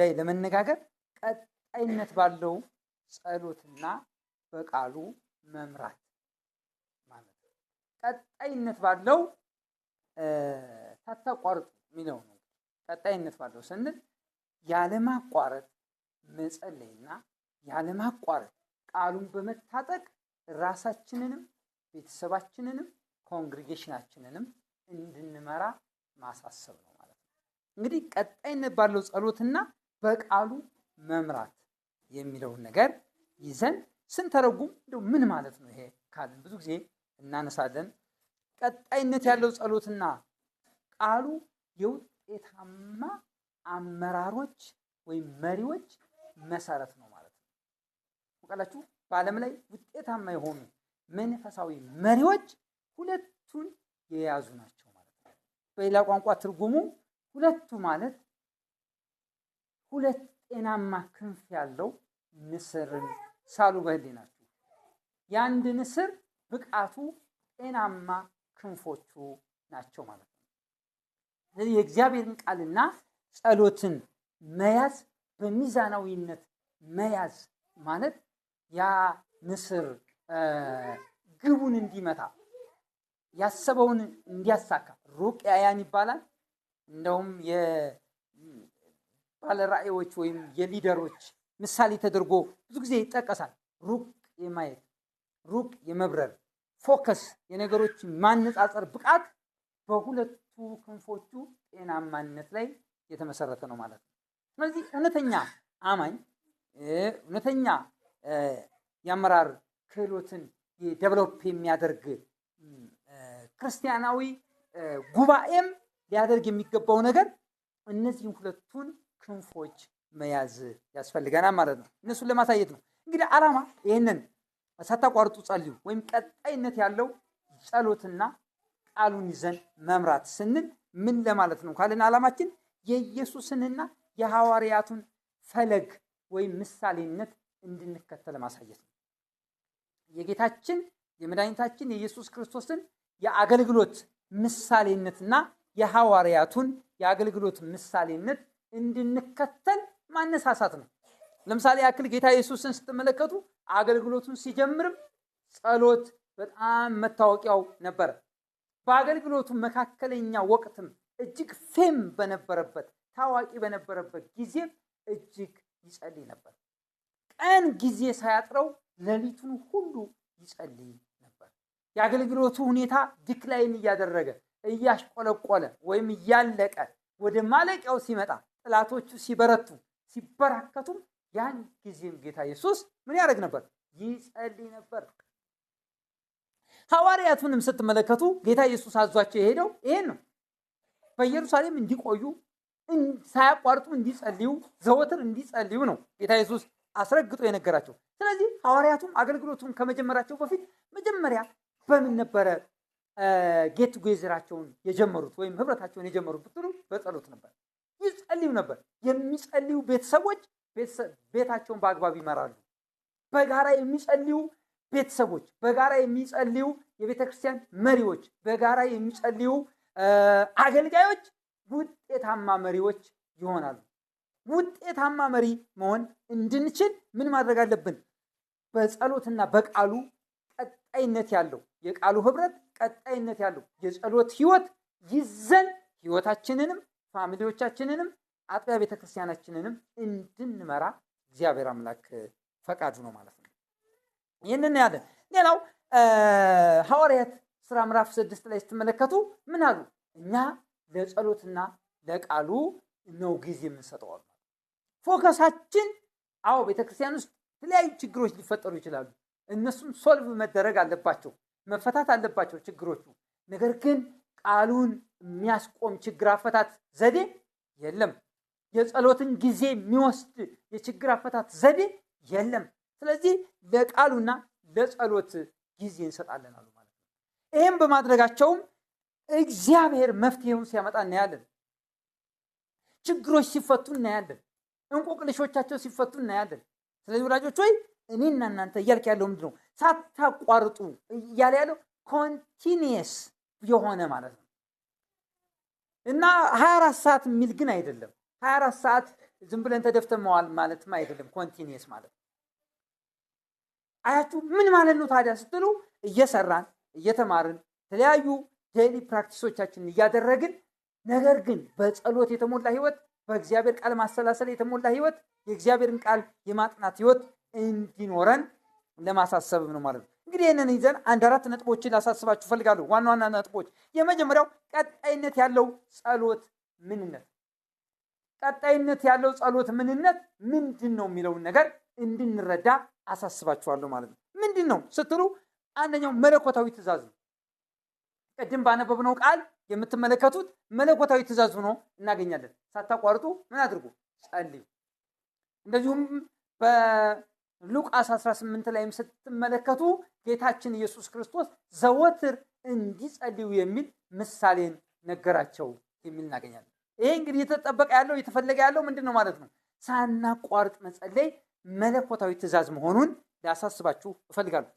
ጉዳይ ለመነጋገር ቀጣይነት ባለው ጸሎትና በቃሉ መምራት ማለት ነው። ቀጣይነት ባለው ሳታቋርጡ የሚለው ነው። ቀጣይነት ባለው ስንል ያለማቋረጥ መጸለይና ያለማቋረጥ ቃሉን በመታጠቅ ራሳችንንም ቤተሰባችንንም ኮንግሪጌሽናችንንም እንድንመራ ማሳሰብ ነው ማለት ነው። እንግዲህ ቀጣይነት ባለው ጸሎትና በቃሉ መምራት የሚለውን ነገር ይዘን ስንተረጉም እንደው ምን ማለት ነው ይሄ ካልን ብዙ ጊዜ እናነሳለን። ቀጣይነት ያለው ጸሎትና ቃሉ የውጤታማ አመራሮች ወይም መሪዎች መሰረት ነው ማለት ነው። ቃላችሁ በዓለም ላይ ውጤታማ የሆኑ መንፈሳዊ መሪዎች ሁለቱን የያዙ ናቸው ማለት ነው። በሌላ ቋንቋ ትርጉሙ ሁለቱ ማለት ሁለት ጤናማ ክንፍ ያለው ንስርን ሳሉ በህሊናችሁ የአንድ ንስር ብቃቱ ጤናማ ክንፎቹ ናቸው ማለት ነው። ስለዚህ የእግዚአብሔርን ቃልና ጸሎትን መያዝ በሚዛናዊነት መያዝ ማለት ያ ንስር ግቡን እንዲመታ ያሰበውን እንዲያሳካ ሩቅያያን ይባላል። እንደውም ባለራዕዮች ወይም የሊደሮች ምሳሌ ተደርጎ ብዙ ጊዜ ይጠቀሳል። ሩቅ የማየት ሩቅ የመብረር ፎከስ፣ የነገሮች ማነጻጸር ብቃት በሁለቱ ክንፎቹ ጤናማነት ላይ የተመሰረተ ነው ማለት ነው። ስለዚህ እውነተኛ አማኝ እውነተኛ የአመራር ክህሎትን ዴቨሎፕ የሚያደርግ ክርስቲያናዊ ጉባኤም ሊያደርግ የሚገባው ነገር እነዚህን ሁለቱን ክንፎች መያዝ ያስፈልገናል ማለት ነው። እነሱን ለማሳየት ነው እንግዲህ ዓላማ ይህንን ሳታቋርጡ ጸልዩ ወይም ቀጣይነት ያለው ጸሎትና ቃሉን ይዘን መምራት ስንል ምን ለማለት ነው ካለን ዓላማችን የኢየሱስንና የሐዋርያቱን ፈለግ ወይም ምሳሌነት እንድንከተል ማሳየት ነው። የጌታችን የመድኃኒታችን የኢየሱስ ክርስቶስን የአገልግሎት ምሳሌነትና የሐዋርያቱን የአገልግሎት ምሳሌነት እንድንከተል ማነሳሳት ነው። ለምሳሌ ያክል ጌታ ኢየሱስን ስትመለከቱ አገልግሎቱን ሲጀምርም ጸሎት በጣም መታወቂያው ነበረ። በአገልግሎቱ መካከለኛ ወቅትም እጅግ ፌም በነበረበት ታዋቂ በነበረበት ጊዜም እጅግ ይጸልይ ነበር። ቀን ጊዜ ሳያጥረው ሌሊቱን ሁሉ ይጸልይ ነበር። የአገልግሎቱ ሁኔታ ዲክላይን እያደረገ እያሽቆለቆለ ወይም እያለቀ ወደ ማለቂያው ሲመጣ ጠላቶቹ ሲበረቱ ሲበራከቱም ያን ጊዜም ጌታ ኢየሱስ ምን ያደርግ ነበር? ይጸልይ ነበር። ሐዋርያቱንም ስትመለከቱ ጌታ ኢየሱስ አዟቸው የሄደው ይሄን ነው። በኢየሩሳሌም እንዲቆዩ ሳያቋርጡ እንዲጸልዩ፣ ዘወትር እንዲጸልዩ ነው ጌታ ኢየሱስ አስረግጦ የነገራቸው። ስለዚህ ሐዋርያቱም አገልግሎቱን ከመጀመራቸው በፊት መጀመሪያ በምን ነበረ ጌት ቱጌዘራቸውን የጀመሩት ወይም ህብረታቸውን የጀመሩት ብትሉ በጸሎት ነበር። ይጸልዩ ነበር። የሚጸልዩ ቤተሰቦች ቤታቸውን በአግባብ ይመራሉ። በጋራ የሚጸልዩ ቤተሰቦች፣ በጋራ የሚጸልዩ የቤተ ክርስቲያን መሪዎች፣ በጋራ የሚጸልዩ አገልጋዮች ውጤታማ መሪዎች ይሆናሉ። ውጤታማ መሪ መሆን እንድንችል ምን ማድረግ አለብን? በጸሎትና በቃሉ ቀጣይነት ያለው የቃሉ ህብረት ቀጣይነት ያለው የጸሎት ህይወት ይዘን ህይወታችንንም ፋሚሊዎቻችንንም አጥቢያ ቤተክርስቲያናችንንም እንድንመራ እግዚአብሔር አምላክ ፈቃዱ ነው ማለት ነው። ይህንን ያለ ሌላው ሐዋርያት ስራ ምዕራፍ ስድስት ላይ ስትመለከቱ ምን አሉ? እኛ ለጸሎትና ለቃሉ ነው ጊዜ የምንሰጠው ፎከሳችን አዎ ቤተክርስቲያን ውስጥ የተለያዩ ችግሮች ሊፈጠሩ ይችላሉ። እነሱም ሶልቭ መደረግ አለባቸው፣ መፈታት አለባቸው ችግሮቹ ነገር ግን ቃሉን የሚያስቆም ችግር አፈታት ዘዴ የለም። የጸሎትን ጊዜ የሚወስድ የችግር አፈታት ዘዴ የለም። ስለዚህ ለቃሉና ለጸሎት ጊዜ እንሰጣለን አሉ ማለት ነው። ይህም በማድረጋቸውም እግዚአብሔር መፍትሄውን ሲያመጣ እናያለን። ችግሮች ሲፈቱ እናያለን። እንቆቅልሾቻቸው ሲፈቱ እናያለን። ስለዚህ ወዳጆች ሆይ እኔና እናንተ እያልክ ያለው ምንድን ነው? ሳታቋርጡ እያለ ያለው ኮንቲኒየስ የሆነ ማለት ነው እና ሀያ አራት ሰዓት የሚል ግን አይደለም። ሀያ አራት ሰዓት ዝም ብለን ተደፍተመዋል ማለትም አይደለም። ኮንቲኒየስ ማለት ነው። አያችሁ ምን ማለት ነው ታዲያ ስትሉ እየሰራን እየተማርን የተለያዩ ዴይሊ ፕራክቲሶቻችንን እያደረግን ነገር ግን በጸሎት የተሞላ ህይወት፣ በእግዚአብሔር ቃል ማሰላሰል የተሞላ ህይወት፣ የእግዚአብሔርን ቃል የማጥናት ህይወት እንዲኖረን ለማሳሰብ ነው ማለት ነው። እንግዲህ ይህንን ይዘን አንድ አራት ነጥቦችን ላሳስባችሁ እፈልጋለሁ። ዋና ዋና ነጥቦች፣ የመጀመሪያው ቀጣይነት ያለው ጸሎት ምንነት፣ ቀጣይነት ያለው ጸሎት ምንነት ምንድን ነው የሚለውን ነገር እንድንረዳ አሳስባችኋለሁ ማለት ነው። ምንድን ነው ስትሉ አንደኛው መለኮታዊ ትእዛዝ ነው። ቅድም ባነበብነው ቃል የምትመለከቱት መለኮታዊ ትእዛዝ ሆኖ እናገኛለን። ሳታቋርጡ ምን አድርጉ? ጸልዩ። እንደዚሁም ሉቃስ 18 ላይም ስትመለከቱ ጌታችን ኢየሱስ ክርስቶስ ዘወትር እንዲጸልዩ የሚል ምሳሌን ነገራቸው የሚል እናገኛለን። ይሄ እንግዲህ የተጠበቀ ያለው የተፈለገ ያለው ምንድን ነው ማለት ነው? ሳናቋርጥ መጸለይ መለኮታዊ ትእዛዝ መሆኑን ሊያሳስባችሁ እፈልጋለሁ።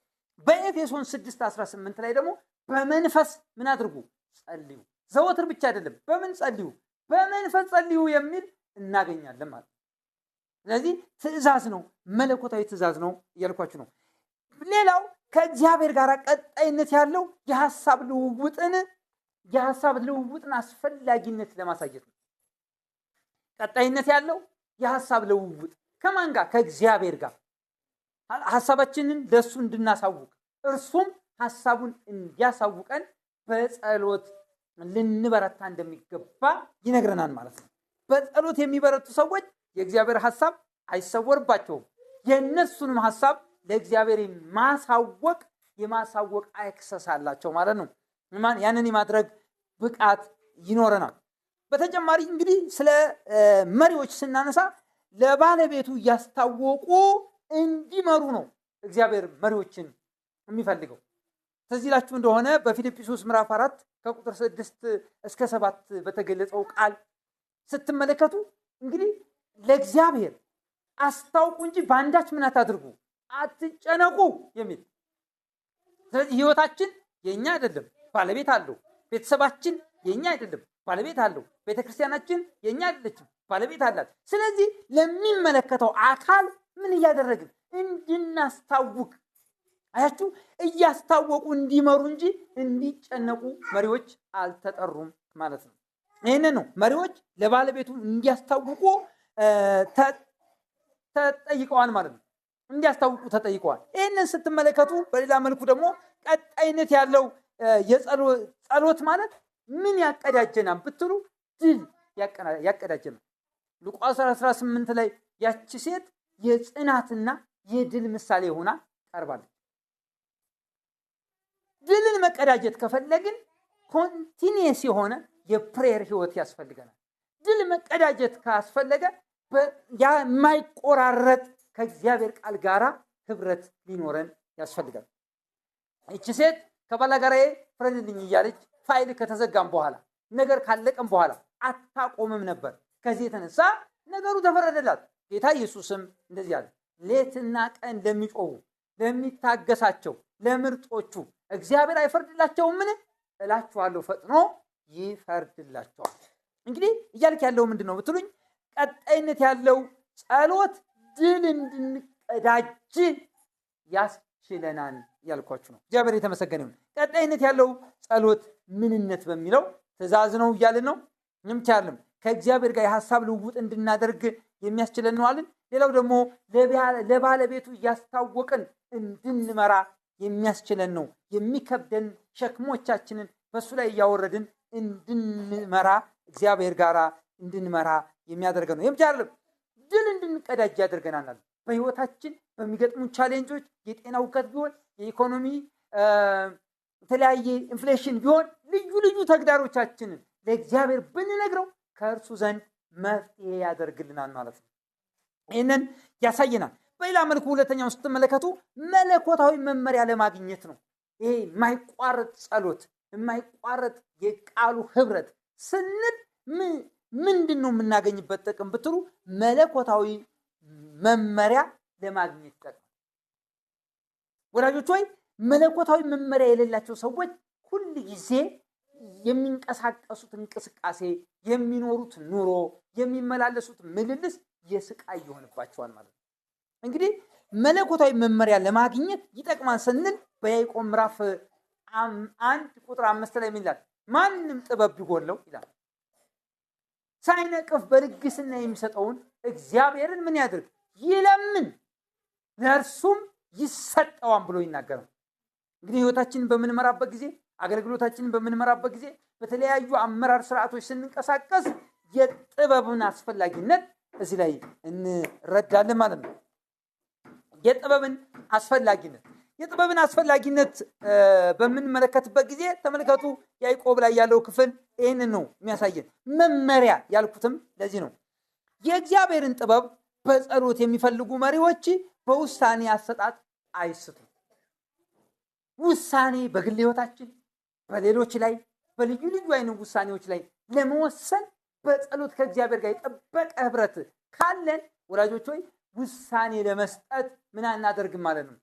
በኤፌሶን 6 18 ላይ ደግሞ በመንፈስ ምን አድርጉ ጸልዩ፣ ዘወትር ብቻ አይደለም በምን ጸልዩ፣ በመንፈስ ጸልዩ የሚል እናገኛለን ማለት ስለዚህ ትእዛዝ ነው፣ መለኮታዊ ትእዛዝ ነው እያልኳችሁ ነው። ሌላው ከእግዚአብሔር ጋር ቀጣይነት ያለው የሀሳብ ልውውጥን የሀሳብ ልውውጥን አስፈላጊነት ለማሳየት ነው። ቀጣይነት ያለው የሀሳብ ልውውጥ ከማን ጋር? ከእግዚአብሔር ጋር ሀሳባችንን ለእሱ እንድናሳውቅ እርሱም ሀሳቡን እንዲያሳውቀን በጸሎት ልንበረታ እንደሚገባ ይነግረናል ማለት ነው። በጸሎት የሚበረቱ ሰዎች የእግዚአብሔር ሀሳብ አይሰወርባቸውም። የእነሱንም ሀሳብ ለእግዚአብሔር ማሳወቅ የማሳወቅ አክሰስ አላቸው ማለት ነው። ያንን የማድረግ ብቃት ይኖረናል። በተጨማሪ እንግዲህ ስለ መሪዎች ስናነሳ ለባለቤቱ እያስታወቁ እንዲመሩ ነው እግዚአብሔር መሪዎችን የሚፈልገው። ትዝ ይላችሁ እንደሆነ በፊልጵስዩስ ምዕራፍ አራት ከቁጥር ስድስት እስከ ሰባት በተገለጸው ቃል ስትመለከቱ እንግዲህ ለእግዚአብሔር አስታውቁ እንጂ በአንዳች ምን አታድርጉ፣ አትጨነቁ የሚል ስለዚህ ህይወታችን የእኛ አይደለም፣ ባለቤት አለው። ቤተሰባችን የእኛ አይደለም፣ ባለቤት አለው። ቤተክርስቲያናችን የእኛ አይደለችም፣ ባለቤት አላት። ስለዚህ ለሚመለከተው አካል ምን እያደረግን እንድናስታውቅ አያችሁ፣ እያስታወቁ እንዲመሩ እንጂ እንዲጨነቁ መሪዎች አልተጠሩም ማለት ነው። ይህን ነው መሪዎች ለባለቤቱ እንዲያስታውቁ ተጠይቀዋል ማለት ነው። እንዲያስታውቁ ተጠይቀዋል። ይህንን ስትመለከቱ በሌላ መልኩ ደግሞ ቀጣይነት ያለው ጸሎት ማለት ምን ያቀዳጀናል ብትሉ ድል ያቀዳጀናል። ሉቃስ 18 ላይ ያቺ ሴት የጽናትና የድል ምሳሌ ሆና ቀርባለች። ድልን መቀዳጀት ከፈለግን ኮንቲኒየስ የሆነ የፕሬየር ህይወት ያስፈልገናል። ድል መቀዳጀት ካስፈለገ የማይቆራረጥ ከእግዚአብሔር ቃል ጋር ህብረት ሊኖረን ያስፈልጋል። ይቺ ሴት ከባላጋራዬ ፍረድልኝ እያለች ፋይል ከተዘጋም በኋላ ነገር ካለቀም በኋላ አታቆምም ነበር። ከዚህ የተነሳ ነገሩ ተፈረደላት። ጌታ ኢየሱስም እንደዚህ አለ፣ ሌትና ቀን ለሚጮሁ ለሚታገሳቸው ለምርጦቹ እግዚአብሔር አይፈርድላቸውምን? እላችኋለሁ ፈጥኖ ይፈርድላቸዋል። እንግዲህ እያልክ ያለው ምንድን ነው ብትሉኝ ቀጣይነት ያለው ጸሎት ድል እንድንቀዳጅ ያስችለናል ያልኳችሁ ነው። እግዚአብሔር የተመሰገነ ይሁን። ቀጣይነት ያለው ጸሎት ምንነት በሚለው ትእዛዝ ነው እያልን ነው። ምንም ከእግዚአብሔር ጋር የሀሳብ ልውውጥ እንድናደርግ የሚያስችለን ነው አልን። ሌላው ደግሞ ለባለቤቱ እያስታወቅን እንድንመራ የሚያስችለን ነው። የሚከብደን ሸክሞቻችንን በእሱ ላይ እያወረድን እንድንመራ እግዚአብሔር ጋራ እንድንመራ የሚያደርገን ነው። ይህም አይደለም፣ ድል እንድንቀዳጅ ያደርገናል። በህይወታችን በሚገጥሙ ቻሌንጆች የጤና እውቀት ቢሆን የኢኮኖሚ የተለያየ ኢንፍሌሽን ቢሆን ልዩ ልዩ ተግዳሮቻችንን ለእግዚአብሔር ብንነግረው ከእርሱ ዘንድ መፍትሄ ያደርግልናል ማለት ነው። ይህንን ያሳየናል። በሌላ መልኩ ሁለተኛውን ስትመለከቱ መለኮታዊ መመሪያ ለማግኘት ነው። ይሄ የማይቋረጥ ጸሎት፣ የማይቋረጥ የቃሉ ህብረት ስንል ምንድን ነው የምናገኝበት ጥቅም ብትሉ መለኮታዊ መመሪያ ለማግኘት ይጠቅማል። ወዳጆች ወይ መለኮታዊ መመሪያ የሌላቸው ሰዎች ሁል ጊዜ የሚንቀሳቀሱት እንቅስቃሴ፣ የሚኖሩት ኑሮ፣ የሚመላለሱት ምልልስ የስቃይ ይሆንባቸዋል ማለት ነው። እንግዲህ መለኮታዊ መመሪያ ለማግኘት ይጠቅማል ስንል በያዕቆብ ምዕራፍ አንድ ቁጥር አምስት ላይ ምን ይላል? ማንም ጥበብ ቢጎለው ይላል ሳይነቅፍ በልግስና የሚሰጠውን እግዚአብሔርን ምን ያድርግ? ይለምን ለእርሱም ይሰጠዋን ብሎ ይናገራል። እንግዲህ ህይወታችንን በምንመራበት ጊዜ፣ አገልግሎታችንን በምንመራበት ጊዜ፣ በተለያዩ አመራር ስርዓቶች ስንንቀሳቀስ የጥበብን አስፈላጊነት እዚህ ላይ እንረዳለን ማለት ነው። የጥበብን አስፈላጊነት የጥበብን አስፈላጊነት በምንመለከትበት ጊዜ ተመልከቱ፣ ያዕቆብ ላይ ያለው ክፍል ይህንን ነው የሚያሳየን። መመሪያ ያልኩትም ለዚህ ነው። የእግዚአብሔርን ጥበብ በጸሎት የሚፈልጉ መሪዎች በውሳኔ አሰጣጥ አይስቱ። ውሳኔ በግል ሕይወታችን፣ በሌሎች ላይ፣ በልዩ ልዩ አይነት ውሳኔዎች ላይ ለመወሰን በጸሎት ከእግዚአብሔር ጋር የጠበቀ ህብረት ካለን ወላጆች ሆይ ውሳኔ ለመስጠት ምን አናደርግም ማለት ነው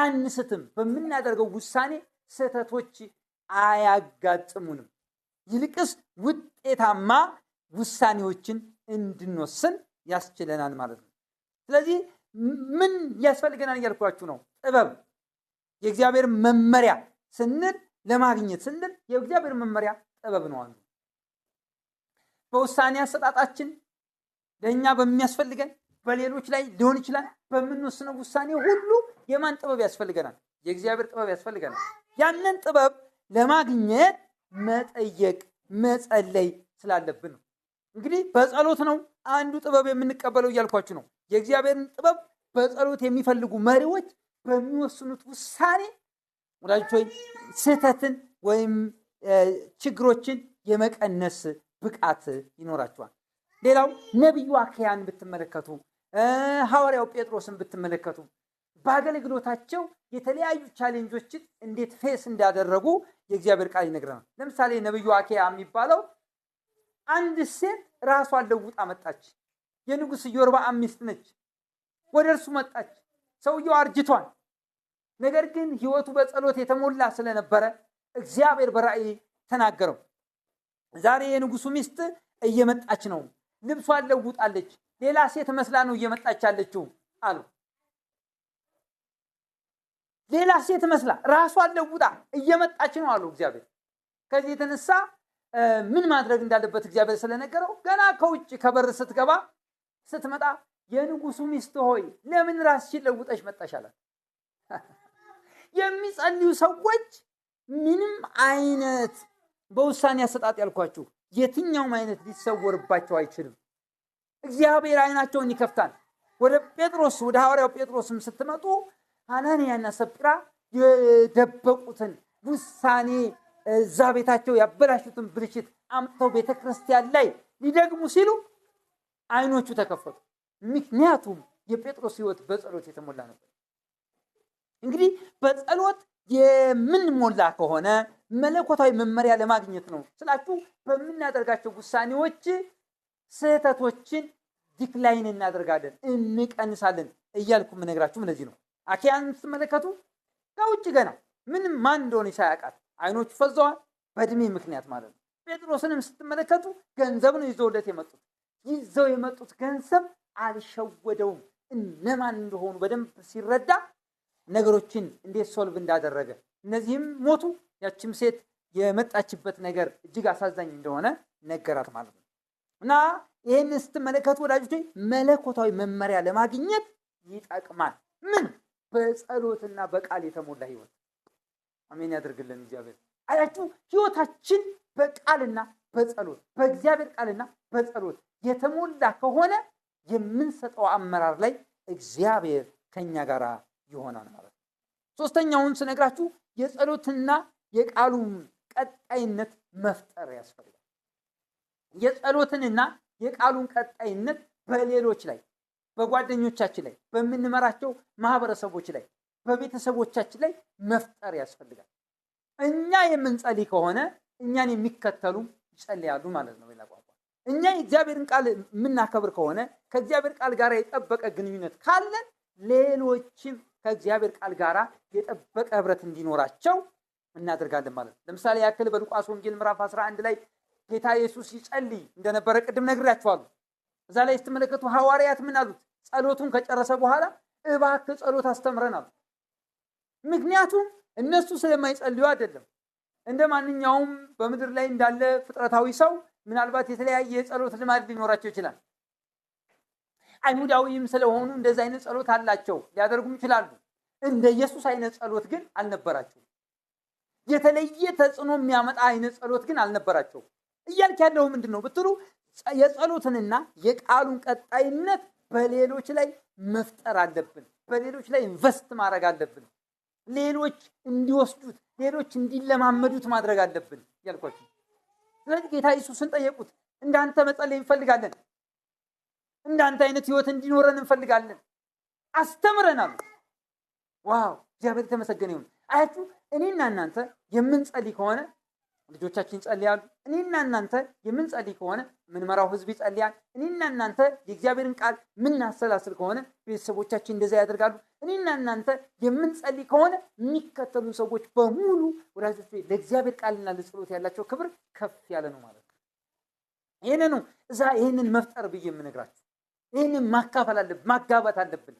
አንስትም። በምናደርገው ውሳኔ ስህተቶች አያጋጥሙንም። ይልቅስ ውጤታማ ውሳኔዎችን እንድንወስን ያስችለናል ማለት ነው። ስለዚህ ምን ያስፈልገናል እያልኳችሁ ነው። ጥበብ የእግዚአብሔር መመሪያ ስንል ለማግኘት ስንል የእግዚአብሔር መመሪያ ጥበብ ነው አንዱ። በውሳኔ አሰጣጣችን ለእኛ በሚያስፈልገን በሌሎች ላይ ሊሆን ይችላል በምንወስነው ውሳኔ ሁሉ የማን ጥበብ ያስፈልገናል? የእግዚአብሔር ጥበብ ያስፈልገናል። ያንን ጥበብ ለማግኘት መጠየቅ፣ መጸለይ ስላለብን ነው። እንግዲህ በጸሎት ነው አንዱ ጥበብ የምንቀበለው እያልኳችሁ ነው። የእግዚአብሔርን ጥበብ በጸሎት የሚፈልጉ መሪዎች በሚወስኑት ውሳኔ ወዳጆች ወይ ስህተትን ወይም ችግሮችን የመቀነስ ብቃት ይኖራቸዋል። ሌላው ነቢዩ አካያን ብትመለከቱ ሐዋርያው ጴጥሮስን ብትመለከቱ በአገልግሎታቸው የተለያዩ ቻሌንጆችን እንዴት ፌስ እንዳደረጉ የእግዚአብሔር ቃል ይነግረናል። ለምሳሌ ነብዩ አኬያ የሚባለው አንድ ሴት ራሷን ለውጣ መጣች። የንጉሥ ኢዮርብዓም ሚስት ነች። ወደ እርሱ መጣች። ሰውየው አርጅቷል። ነገር ግን ሕይወቱ በጸሎት የተሞላ ስለነበረ እግዚአብሔር በራእይ ተናገረው። ዛሬ የንጉሱ ሚስት እየመጣች ነው፣ ልብሷን ለውጣለች፣ ሌላ ሴት መስላ ነው እየመጣች ያለችው አሉ። ሌላ ሴት መስላ ራሷን ለውጣ እየመጣች ነው አሉ እግዚአብሔር። ከዚህ የተነሳ ምን ማድረግ እንዳለበት እግዚአብሔር ስለነገረው ገና ከውጭ ከበር ስትገባ ስትመጣ የንጉሱ ሚስት ሆይ ለምን ራስሽን ለውጠሽ መጣሽ አላት። የሚጸልዩ ሰዎች ምንም አይነት በውሳኔ አሰጣጥ ያልኳችሁ የትኛውም አይነት ሊሰወርባቸው አይችልም። እግዚአብሔር አይናቸውን ይከፍታል። ወደ ጴጥሮስ ወደ ሐዋርያው ጴጥሮስም ስትመጡ አናንያና ሰጲራ የደበቁትን ውሳኔ እዛ ቤታቸው ያበላሹትን ብልሽት አምጥተው ቤተ ክርስቲያን ላይ ሊደግሙ ሲሉ አይኖቹ ተከፈቱ። ምክንያቱም የጴጥሮስ ሕይወት በጸሎት የተሞላ ነበር። እንግዲህ በጸሎት የምንሞላ ከሆነ መለኮታዊ መመሪያ ለማግኘት ነው ስላችሁ በምናደርጋቸው ውሳኔዎች ስህተቶችን ዲክላይን እናደርጋለን፣ እንቀንሳለን እያልኩ የምነግራችሁ እነዚህ ነው። አኪያን ስትመለከቱ ከውጭ ገና ምንም ማን እንደሆነ ሳያውቃት አይኖቹ ፈዘዋል፣ በእድሜ ምክንያት ማለት ነው። ጴጥሮስንም ስትመለከቱ ገንዘብ ነው ይዘውለት የመጡት። ይዘው የመጡት ገንዘብ አልሸወደውም። እነማን እንደሆኑ በደንብ ሲረዳ ነገሮችን እንዴት ሶልቭ እንዳደረገ እነዚህም ሞቱ። ያችም ሴት የመጣችበት ነገር እጅግ አሳዛኝ እንደሆነ ነገራት ማለት ነው። እና ይህን ስትመለከቱ ወዳጆች መለኮታዊ መመሪያ ለማግኘት ይጠቅማል። ምን በጸሎትና በቃል የተሞላ ህይወት። አሜን ያደርግልን እግዚአብሔር። አያችሁ ህይወታችን በቃልና በጸሎት በእግዚአብሔር ቃልና በጸሎት የተሞላ ከሆነ የምንሰጠው አመራር ላይ እግዚአብሔር ከኛ ጋር ይሆናል ማለት ነው። ሶስተኛውን ስነግራችሁ የጸሎትና የቃሉ ቀጣይነት መፍጠር ያስፈልጋል። የጸሎትንና የቃሉን ቀጣይነት በሌሎች ላይ በጓደኞቻችን ላይ በምንመራቸው ማህበረሰቦች ላይ በቤተሰቦቻችን ላይ መፍጠር ያስፈልጋል። እኛ የምንጸልይ ከሆነ እኛን የሚከተሉ ይጸልያሉ ማለት ነው። ሌላ ቋንቋ እኛ የእግዚአብሔርን ቃል የምናከብር ከሆነ ከእግዚአብሔር ቃል ጋር የጠበቀ ግንኙነት ካለን ሌሎችም ከእግዚአብሔር ቃል ጋር የጠበቀ ህብረት እንዲኖራቸው እናደርጋለን ማለት ነው። ለምሳሌ ያክል በሉቃስ ወንጌል ምዕራፍ 11 ላይ ጌታ ኢየሱስ ይጸልይ እንደነበረ ቅድም ነግሬያችኋለሁ። እዛ ላይ ስትመለከቱ ሐዋርያት ምን አሉት? ጸሎቱን ከጨረሰ በኋላ እባክህ ጸሎት አስተምረን አሉት። ምክንያቱም እነሱ ስለማይጸልዩ አይደለም። እንደ ማንኛውም በምድር ላይ እንዳለ ፍጥረታዊ ሰው ምናልባት የተለያየ የጸሎት ልማድ ሊኖራቸው ይችላል። አይሁዳዊም ስለሆኑ እንደዚህ አይነት ጸሎት አላቸው፣ ሊያደርጉም ይችላሉ። እንደ ኢየሱስ አይነት ጸሎት ግን አልነበራቸውም። የተለየ ተጽዕኖ የሚያመጣ አይነት ጸሎት ግን አልነበራቸውም። እያልክ ያለው ምንድን ነው ብትሉ የጸሎትንና የቃሉን ቀጣይነት በሌሎች ላይ መፍጠር አለብን። በሌሎች ላይ ኢንቨስት ማድረግ አለብን። ሌሎች እንዲወስዱት፣ ሌሎች እንዲለማመዱት ማድረግ አለብን እያልኳቸው። ስለዚህ ጌታ ኢየሱስን ጠየቁት። እንዳንተ መጸለይ እንፈልጋለን። እንዳንተ አይነት ህይወት እንዲኖረን እንፈልጋለን። አሉ። ዋው! እግዚአብሔር የተመሰገነ ይሁን። አያችሁ፣ እኔና እናንተ የምንጸልይ ከሆነ ልጆቻችን ይጸልያሉ። እኔና እናንተ የምንጸልይ ከሆነ የምንመራው ህዝብ ይጸልያል። እኔና እናንተ የእግዚአብሔርን ቃል የምናሰላስል ከሆነ ቤተሰቦቻችን እንደዛ ያደርጋሉ። እኔና እናንተ የምንጸልይ ከሆነ የሚከተሉ ሰዎች በሙሉ ወዳጆች ለእግዚአብሔር ቃልና ለጸሎት ያላቸው ክብር ከፍ ያለ ነው ማለት ነው። ነው እዛ ይህንን መፍጠር ብዬ የምነግራችሁ ይህንን ማካፈል አለብን፣ ማጋባት አለብን።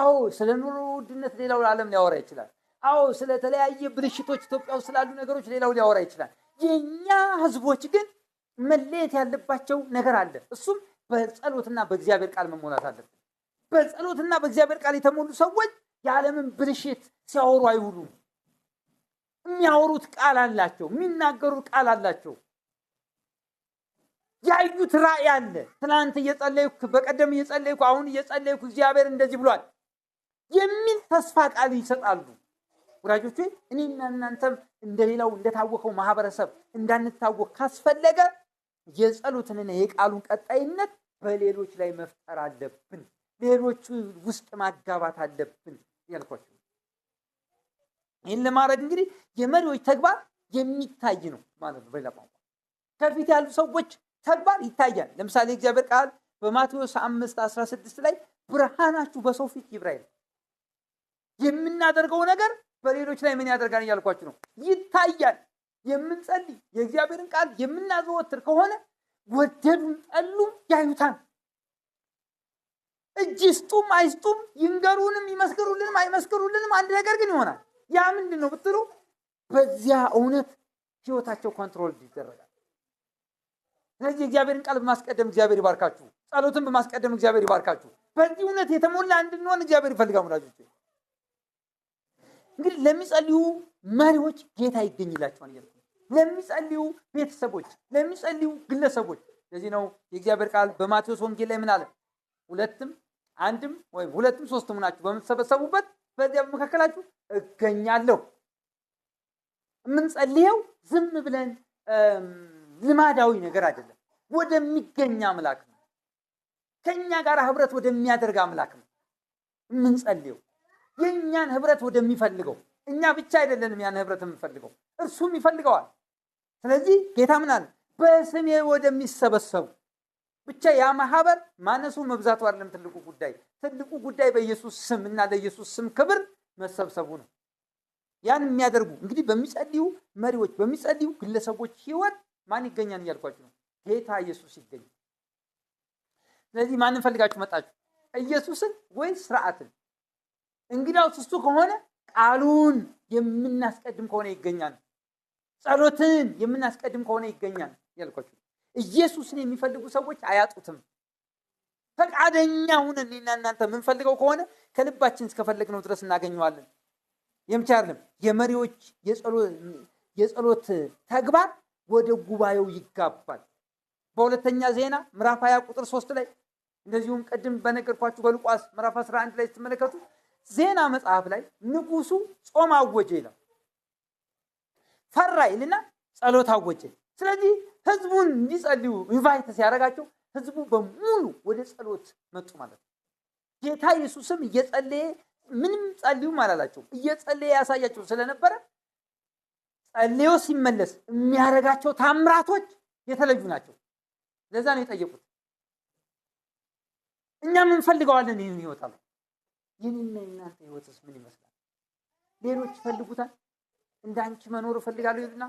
አዎ ስለ ኑሮ ውድነት ሌላው ዓለም ሊያወራ ይችላል። አዎ ስለተለያየ ብልሽቶች ኢትዮጵያ ውስጥ ስላሉ ነገሮች ሌላው ሊያወራ ይችላል። የእኛ ህዝቦች ግን መለየት ያለባቸው ነገር አለ። እሱም በጸሎትና በእግዚአብሔር ቃል መሞላት አለብን። በጸሎትና በእግዚአብሔር ቃል የተሞሉ ሰዎች የዓለምን ብልሽት ሲያወሩ አይውሉም። የሚያወሩት ቃል አላቸው፣ የሚናገሩት ቃል አላቸው። ያዩት ራእይ አለ። ትናንት እየጸለይኩ፣ በቀደም እየጸለይኩ፣ አሁን እየጸለይኩ እግዚአብሔር እንደዚህ ብሏል የሚል ተስፋ ቃል ይሰጣሉ። ወዳጆቼ እኔና እናንተም እንደሌላው እንደታወቀው ማህበረሰብ እንዳንታወቅ ካስፈለገ የጸሎትንና የቃሉን ቀጣይነት በሌሎች ላይ መፍጠር አለብን። ሌሎቹ ውስጥ ማጋባት አለብን ያልኳቸው። ይህን ለማድረግ እንግዲህ የመሪዎች ተግባር የሚታይ ነው ማለት ነው። በሌላ ቋንቋ ከፊት ያሉ ሰዎች ተግባር ይታያል። ለምሳሌ እግዚአብሔር ቃል በማቴዎስ አምስት አስራ ስድስት ላይ ብርሃናችሁ በሰው ፊት ይብራ ይላል። የምናደርገው ነገር በሌሎች ላይ ምን ያደርጋል እያልኳችሁ ነው። ይታያል። የምንጸልይ የእግዚአብሔርን ቃል የምናዘወትር ከሆነ ወደዱም ጠሉም ያዩታል። እጅ ይስጡም አይስጡም፣ ይንገሩንም፣ ይመስክሩልንም አይመስክሩልንም አንድ ነገር ግን ይሆናል። ያ ምንድን ነው ብትሉ በዚያ እውነት ህይወታቸው ኮንትሮል ይደረጋል። ስለዚህ የእግዚአብሔርን ቃል በማስቀደም እግዚአብሔር ይባርካችሁ። ጸሎትን በማስቀደም እግዚአብሔር ይባርካችሁ። በዚህ እውነት የተሞላ እንድንሆን እግዚአብሔር ይፈልጋል ወዳጆቼ። እንግዲህ ለሚጸልዩ መሪዎች ጌታ ይገኝላቸዋል እያልኩ ለሚጸልዩ ቤተሰቦች፣ ለሚጸልዩ ግለሰቦች። ለዚህ ነው የእግዚአብሔር ቃል በማቴዎስ ወንጌል ላይ ምን አለ? ሁለትም አንድም ወይም ሁለትም ሶስትም ናችሁ በምትሰበሰቡበት በዚያ በመካከላችሁ እገኛለሁ። የምንጸልየው ዝም ብለን ልማዳዊ ነገር አይደለም። ወደሚገኝ አምላክ ነው። ከእኛ ጋር ህብረት ወደሚያደርግ አምላክ ነው የምንጸልየው። የእኛን ህብረት ወደሚፈልገው እኛ ብቻ አይደለንም ያን ህብረት የምንፈልገው እርሱም ይፈልገዋል። ስለዚህ ጌታ ምን አለ? በስሜ ወደሚሰበሰቡ ብቻ ያ ማህበር ማነሱ መብዛቱ አይደለም ትልቁ ጉዳይ። ትልቁ ጉዳይ በኢየሱስ ስም እና ለኢየሱስ ስም ክብር መሰብሰቡ ነው። ያን የሚያደርጉ እንግዲህ በሚጸልዩ መሪዎች፣ በሚጸልዩ ግለሰቦች ህይወት ማን ይገኛል እያልኳችሁ ነው። ጌታ ኢየሱስ ይገኛል። ስለዚህ ማንን ፈልጋችሁ መጣችሁ? ኢየሱስን ወይ ስርዓትን? እንግዲያውስ እሱ ከሆነ ቃሉን የምናስቀድም ከሆነ ይገኛል። ጸሎትን የምናስቀድም ከሆነ ይገኛል። ያልኳችሁ ኢየሱስን የሚፈልጉ ሰዎች አያጡትም። ፈቃደኛ ሁነን እኔና እናንተ የምንፈልገው ከሆነ ከልባችን እስከፈለግነው ድረስ እናገኘዋለን። የምቻለም የመሪዎች የጸሎት ተግባር ወደ ጉባኤው ይጋባል። በሁለተኛ ዜና ምዕራፍ ሀያ ቁጥር ሶስት ላይ እንደዚሁም ቅድም በነገርኳችሁ በሉቃስ ምዕራፍ አንድ ላይ ስትመለከቱ ዜና መጽሐፍ ላይ ንጉሱ ጾም አወጀ ይላል። ፈራ ይልና ጸሎት አወጀ። ስለዚህ ህዝቡን እንዲጸልዩ ኢንቫይት ሲያደርጋቸው ህዝቡ በሙሉ ወደ ጸሎት መጡ ማለት ነው። ጌታ ኢየሱስም እየጸለየ ምንም ጸልዩም አላላቸው፣ እየጸለየ ያሳያቸው ስለነበረ ጸልዮ ሲመለስ የሚያደርጋቸው ታምራቶች የተለዩ ናቸው። ለዛ ነው የጠየቁት። እኛም እንፈልገዋለን ይህን ህይወት የኔና የእናንተ ህይወትስ ምን ይመስላል? ሌሎች ይፈልጉታል። እንዳንቺ መኖር እፈልጋለሁ ይሉና፣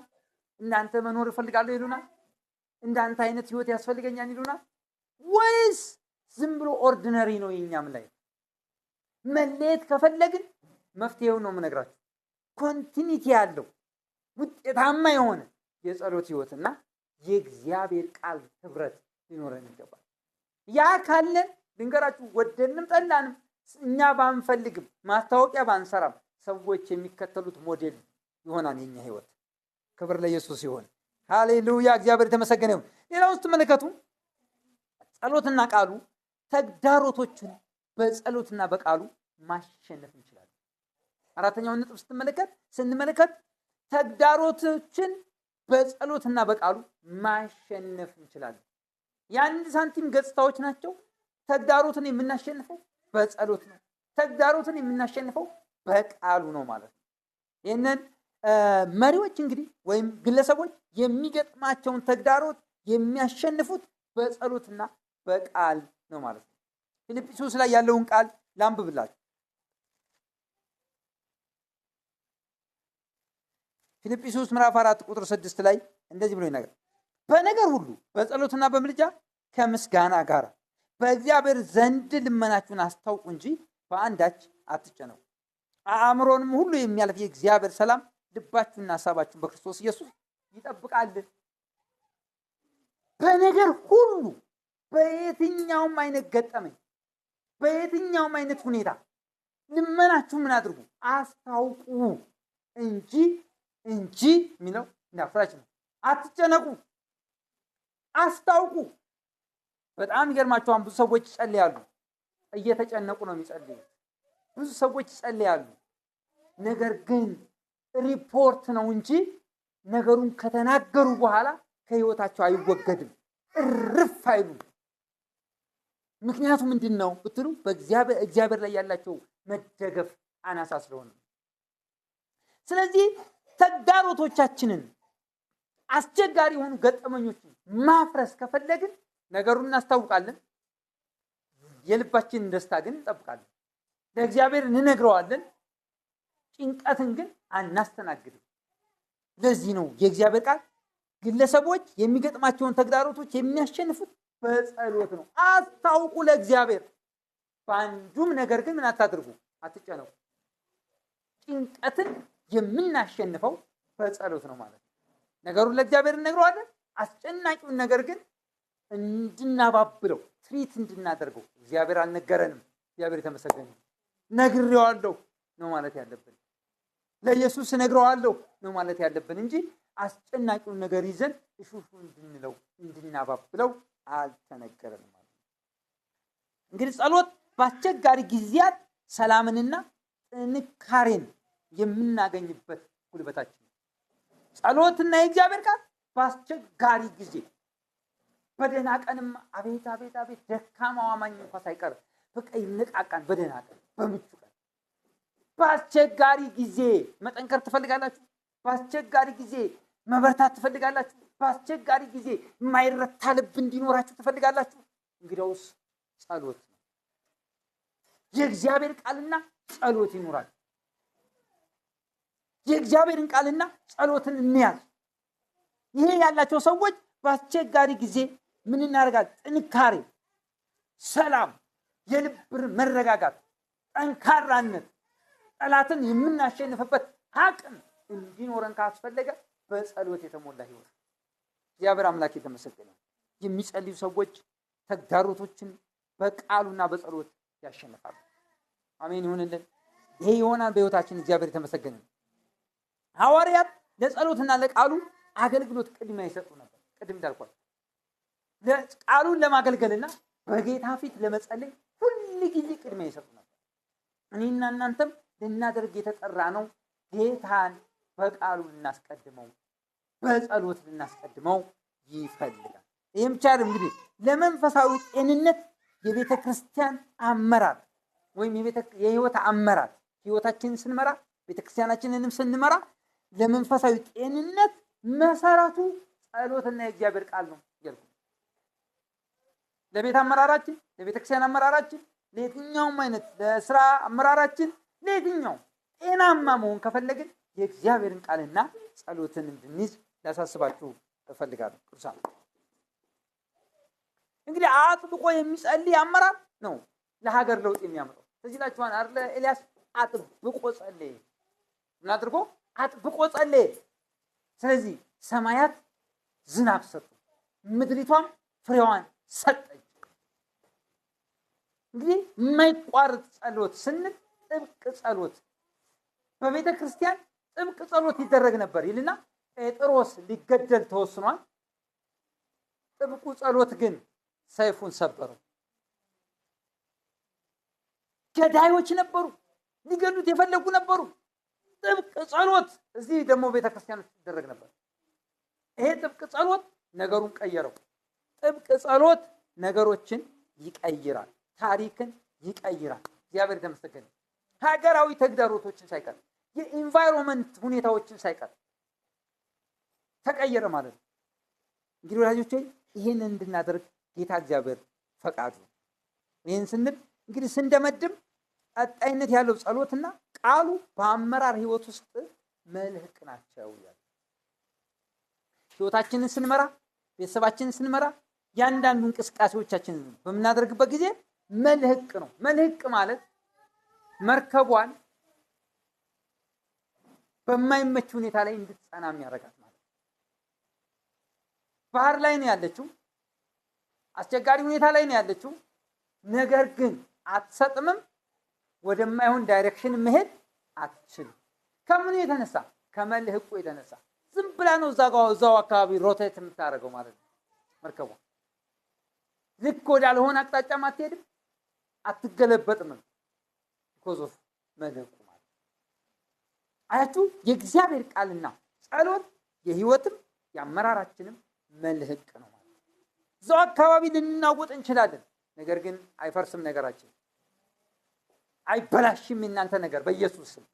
እንዳንተ መኖር እፈልጋለሁ ይሉናል። እንዳንተ አይነት ህይወት ያስፈልገኛል ይሉናል። ወይስ ዝም ብሎ ኦርዲነሪ ነው የኛም ላይ መለየት ከፈለግን መፍትሄው ነው የምነግራችሁ። ኮንቲኒቲ ያለው ውጤታማ የሆነ የጸሎት ህይወትና የእግዚአብሔር ቃል ህብረት ሊኖረን ይገባል። ያ ካለን ልንገራችሁ፣ ወደንም ጠላንም እኛ ባንፈልግም ማስታወቂያ ባንሰራም ሰዎች የሚከተሉት ሞዴል ይሆናል የኛ ህይወት። ክብር ለኢየሱስ ይሆን። ሃሌሉያ! እግዚአብሔር የተመሰገነ ይሁን። ሌላውን ስትመለከቱ ጸሎትና ቃሉ ተግዳሮቶቹን በጸሎትና በቃሉ ማሸነፍ እንችላለን። አራተኛውን ነጥብ ስትመለከት ስንመለከት ተግዳሮቶችን በጸሎትና በቃሉ ማሸነፍ እንችላለን። የአንድ ሳንቲም ገጽታዎች ናቸው። ተግዳሮትን የምናሸንፈው በጸሎት ነው። ተግዳሮትን የምናሸንፈው በቃሉ ነው ማለት ነው። ይህንን መሪዎች እንግዲህ ወይም ግለሰቦች የሚገጥማቸውን ተግዳሮት የሚያሸንፉት በጸሎትና በቃል ነው ማለት ነው። ፊልጵስዩስ ላይ ያለውን ቃል ላንብብላችሁ። ፊልጵስዩስ ምዕራፍ አራት ቁጥር ስድስት ላይ እንደዚህ ብሎ ይናገር በነገር ሁሉ በጸሎትና በምልጃ ከምስጋና ጋር በእግዚአብሔር ዘንድ ልመናችሁን አስታውቁ እንጂ በአንዳች አትጨነቁ። አእምሮንም ሁሉ የሚያልፍ የእግዚአብሔር ሰላም ልባችሁና ሀሳባችሁን በክርስቶስ ኢየሱስ ይጠብቃል። በነገር ሁሉ በየትኛውም አይነት ገጠመኝ፣ በየትኛውም አይነት ሁኔታ ልመናችሁ ምን አድርጉ? አስታውቁ እንጂ እንጂ የሚለው እንዳፍራች ነው። አትጨነቁ፣ አስታውቁ በጣም ይገርማቸዋል። ብዙ ሰዎች ይጸልያሉ፣ እየተጨነቁ ነው የሚጸልዩት። ብዙ ሰዎች ይጸልያሉ፣ ነገር ግን ሪፖርት ነው እንጂ ነገሩን ከተናገሩ በኋላ ከህይወታቸው አይወገድም፣ እርፍ አይሉ። ምክንያቱ ምንድን ነው ብትሉ በእግዚአብሔር ላይ ያላቸው መደገፍ አናሳ ስለሆነ። ስለዚህ ተግዳሮቶቻችንን አስቸጋሪ የሆኑ ገጠመኞችን ማፍረስ ከፈለግን ነገሩን እናስታውቃለን። የልባችንን ደስታ ግን እንጠብቃለን። ለእግዚአብሔር እንነግረዋለን። ጭንቀትን ግን አናስተናግድም። ለዚህ ነው የእግዚአብሔር ቃል ግለሰቦች የሚገጥማቸውን ተግዳሮቶች የሚያሸንፉት በጸሎት ነው። አስታውቁ ለእግዚአብሔር በአንዱም ነገር ግን ምን አታድርጉ፣ አትጨነቁ። ጭንቀትን የምናሸንፈው በጸሎት ነው ማለት ነው። ነገሩን ለእግዚአብሔር እንነግረዋለን። አስጨናቂውን ነገር ግን እንድናባብለው ትሪት እንድናደርገው እግዚአብሔር አልነገረንም። እግዚአብሔር የተመሰገነ ነግሬዋለሁ ነው ማለት ያለብን። ለኢየሱስ ነግረዋለሁ ነው ማለት ያለብን እንጂ አስጨናቂውን ነገር ይዘን እሹሹ እንድንለው እንድናባብለው አልተነገረንም ማለት ነው። እንግዲህ ጸሎት በአስቸጋሪ ጊዜያት ሰላምንና ጥንካሬን የምናገኝበት ጉልበታችን ነው። ጸሎትና የእግዚአብሔር ቃል በአስቸጋሪ ጊዜ በደህና ቀንም አቤት አቤት አቤት ደካማዋ አማኝ እንኳ ሳይቀር በቃ ይነቃቃል። በደህና ቀን፣ በምቹ ቀን፣ በአስቸጋሪ ጊዜ መጠንከር ትፈልጋላችሁ። በአስቸጋሪ ጊዜ መበርታት ትፈልጋላችሁ። በአስቸጋሪ ጊዜ የማይረታ ልብ እንዲኖራችሁ ትፈልጋላችሁ። እንግዲያውስ ጸሎት ነው። የእግዚአብሔር ቃልና ጸሎት ይኖራል። የእግዚአብሔርን ቃልና ጸሎትን እንያዝ። ይሄ ያላቸው ሰዎች በአስቸጋሪ ጊዜ ምን እናደርጋል? ጥንካሬ፣ ሰላም፣ የልብር መረጋጋት፣ ጠንካራነት፣ ጠላትን የምናሸንፍበት አቅም እንዲኖረን ካስፈለገ በጸሎት የተሞላ ህይወት። እግዚአብሔር አምላክ የተመሰገነ። የሚጸልዩ ሰዎች ተግዳሮቶችን በቃሉና በጸሎት ያሸንፋሉ። አሜን ይሁንልን። ይሄ ይሆናል በህይወታችን። እግዚአብሔር የተመሰገነ። ሐዋርያት ለጸሎትና ለቃሉ አገልግሎት ቅድሚያ ይሰጡ ነበር። ቅድም እንዳልኳቸው ቃሉን ለማገልገልና በጌታ ፊት ለመጸለይ ሁል ጊዜ ቅድሚያ ይሰጡ ነበር። እኔና እናንተም ልናደርግ የተጠራ ነው። ጌታን በቃሉ ልናስቀድመው፣ በጸሎት ልናስቀድመው ይፈልጋል። ይህም ቻል እንግዲህ ለመንፈሳዊ ጤንነት የቤተ ክርስቲያን አመራር ወይም የህይወት አመራር ህይወታችንን ስንመራ ቤተክርስቲያናችንንም ስንመራ ለመንፈሳዊ ጤንነት መሰረቱ ጸሎትና የእግዚአብሔር ቃል ነው። ለቤት አመራራችን፣ ለቤተክርስቲያን አመራራችን፣ ለየትኛውም አይነት ለስራ አመራራችን፣ ለየትኛው ጤናማ መሆን ከፈለግን የእግዚአብሔርን ቃልና ጸሎትን እንድንይዝ ላሳስባችሁ እፈልጋለሁ። ቅዱሳን እንግዲህ አጥብቆ የሚጸልይ አመራር ነው ለሀገር ለውጥ የሚያምረው። ስለዚህ ላችኋን አለ ኤልያስ አጥብቆ ጸለየ። ምን አድርጎ አጥብቆ ጸለየ። ስለዚህ ሰማያት ዝናብ ሰጡ፣ ምድሪቷም ፍሬዋን ሰጠ እንግዲህ የማይቋርጥ ጸሎት ስንል ጥብቅ ጸሎት በቤተ ክርስቲያን ጥብቅ ጸሎት ይደረግ ነበር ይልና ጴጥሮስ ሊገደል ተወስኗል። ጥብቁ ጸሎት ግን ሰይፉን ሰበረው። ገዳዮች ነበሩ፣ ሊገሉት የፈለጉ ነበሩ። ጥብቅ ጸሎት እዚህ ደግሞ ቤተ ክርስቲያን ውስጥ ይደረግ ነበር። ይሄ ጥብቅ ጸሎት ነገሩን ቀየረው። ጥብቅ ጸሎት ነገሮችን ይቀይራል። ታሪክን ይቀይራል። እግዚአብሔር የተመሰገነ። ሀገራዊ ተግዳሮቶችን ሳይቀር የኢንቫይሮንመንት ሁኔታዎችን ሳይቀር ተቀየረ ማለት ነው። እንግዲህ ወዳጆች ይህን እንድናደርግ ጌታ እግዚአብሔር ፈቃዱ። ይህን ስንል እንግዲህ ስንደመድም ቀጣይነት ያለው ጸሎትና ቃሉ በአመራር ህይወት ውስጥ መልህቅ ናቸው ያሉ ህይወታችንን ስንመራ ቤተሰባችንን ስንመራ ያንዳንዱ እንቅስቃሴዎቻችንን በምናደርግበት ጊዜ መልህቅ ነው። መልህቅ ማለት መርከቧን በማይመች ሁኔታ ላይ እንድትጸና የሚያደርጋት ማለት ነው። ባህር ላይ ነው ያለችው፣ አስቸጋሪ ሁኔታ ላይ ነው ያለችው። ነገር ግን አትሰጥምም፣ ወደማይሆን ዳይሬክሽን መሄድ አትችልም። ከምኑ የተነሳ ከመልህቁ የተነሳ ዝም ብላ ነው እዛው አካባቢ ሮቴት የምታደርገው ማለት ነው መርከቧ ልክ ወዳልሆነ አቅጣጫም አትሄድም። አትገለበጥም። ቢኮዝ ኦፍ መለኩ ማለት አያችሁ፣ የእግዚአብሔር ቃልና ጸሎት የህይወትም የአመራራችንም መልህቅ ነው ማለት ነው። እዛው አካባቢ ልንናወጥ እንችላለን፣ ነገር ግን አይፈርስም ነገራችን አይበላሽም። የእናንተ ነገር በኢየሱስ ስም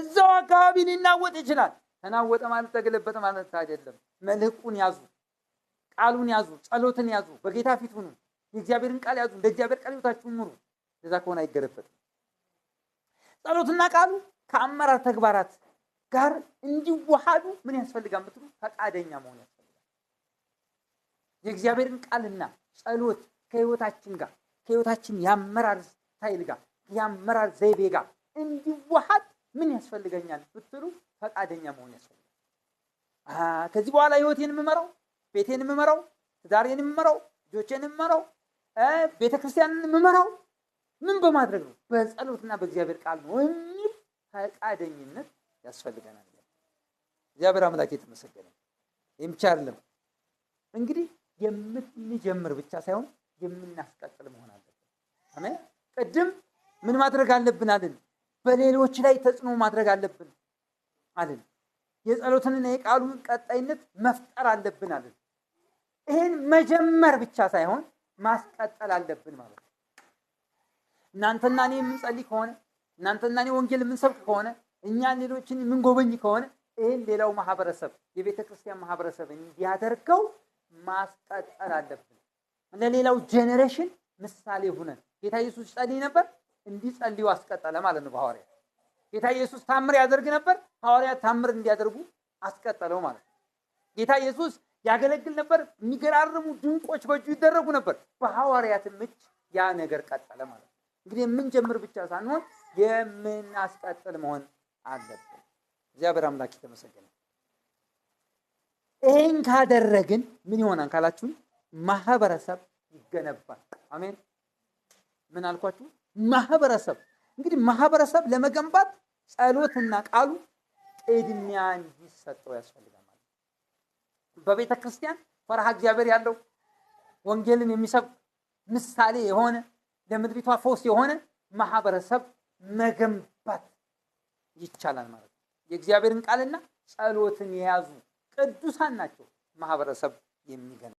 እዛው አካባቢ ሊናወጥ ይችላል። ተናወጠ ማለት ተገለበጠ ማለት አይደለም። መልህቁን ያዙ፣ ቃሉን ያዙ፣ ጸሎትን ያዙ፣ በጌታ ፊት ሁኑ፣ የእግዚአብሔርን ቃል ያዙ፣ እንደ እግዚአብሔር ቃል ህይወታችሁን ምሩ። እንደዛ ከሆነ አይገለበጥ። ጸሎትና ቃሉ ከአመራር ተግባራት ጋር እንዲዋሃዱ ምን ያስፈልጋል ብትሉ ፈቃደኛ መሆን ያስፈልጋል። የእግዚአብሔርን ቃልና ጸሎት ከህይወታችን ጋር ከህይወታችን የአመራር ስታይል ጋር የአመራር ዘይቤ ጋር እንዲዋሃድ ምን ያስፈልገኛል ብትሉ ፈቃደኛ መሆን ያስፈልጋል። ከዚህ በኋላ ህይወቴን የምመራው ቤቴን የምመራው ትዳሬን የምመራው ልጆቼን የምመራው ቤተክርስቲያንን የምመራው ምን በማድረግ ነው? በጸሎትና በእግዚአብሔር ቃል ነው የሚል ፈቃደኝነት ያስፈልገናል። እግዚአብሔር አምላክ የተመሰገነ። ይህም ብቻ አይደለም እንግዲህ የምንጀምር ብቻ ሳይሆን የምናስቀጥል መሆን አለብን። አሜን። ቅድም ምን ማድረግ አለብን አልን? በሌሎች ላይ ተጽዕኖ ማድረግ አለብን አለን። የጸሎትንና የቃሉን ቀጣይነት መፍጠር አለብን አለን። ይህን መጀመር ብቻ ሳይሆን ማስቀጠል አለብን ማለት ነው። እናንተና እኔ የምንጸልይ ከሆነ እናንተና እኔ ወንጌል የምንሰብክ ከሆነ እኛ ሌሎችን የምንጎበኝ ከሆነ ይህን ሌላው ማህበረሰብ የቤተ ክርስቲያን ማህበረሰብ እንዲያደርገው ማስቀጠል አለብን። ለሌላው ጄኔሬሽን ምሳሌ ሁነን ጌታ ኢየሱስ ይጸልይ ነበር፣ እንዲጸልዩ አስቀጠለ ማለት ነው በሐዋርያ ጌታ ኢየሱስ ታምር ያደርግ ነበር፣ ሐዋርያ ታምር እንዲያደርጉ አስቀጠለው ማለት ነው። ጌታ ኢየሱስ ያገለግል ነበር፣ የሚገራርሙ ድንቆች በእጁ ይደረጉ ነበር፣ በሐዋርያትም እጅ ያ ነገር ቀጠለ ማለት ነው። እንግዲህ የምንጀምር ብቻ ሳንሆን የምናስቀጥል መሆን አለብን። እግዚአብሔር አምላክ የተመሰገነ። ይህን ካደረግን ምን ይሆናል ካላችሁ ማህበረሰብ ይገነባል። አሜን። ምን አልኳችሁ? ማህበረሰብ እንግዲህ ማህበረሰብ ለመገንባት ጸሎትና ቃሉ ቅድሚያ እንዲሰጠው ያስፈልጋል። ማለት በቤተ ክርስቲያን ፈርሃ እግዚአብሔር ያለው ወንጌልን የሚሰብ ምሳሌ የሆነ ለምድሪቷ ፈውስ የሆነ ማህበረሰብ መገንባት ይቻላል ማለት ነው። የእግዚአብሔርን ቃልና ጸሎትን የያዙ ቅዱሳን ናቸው ማህበረሰብ የሚገነባ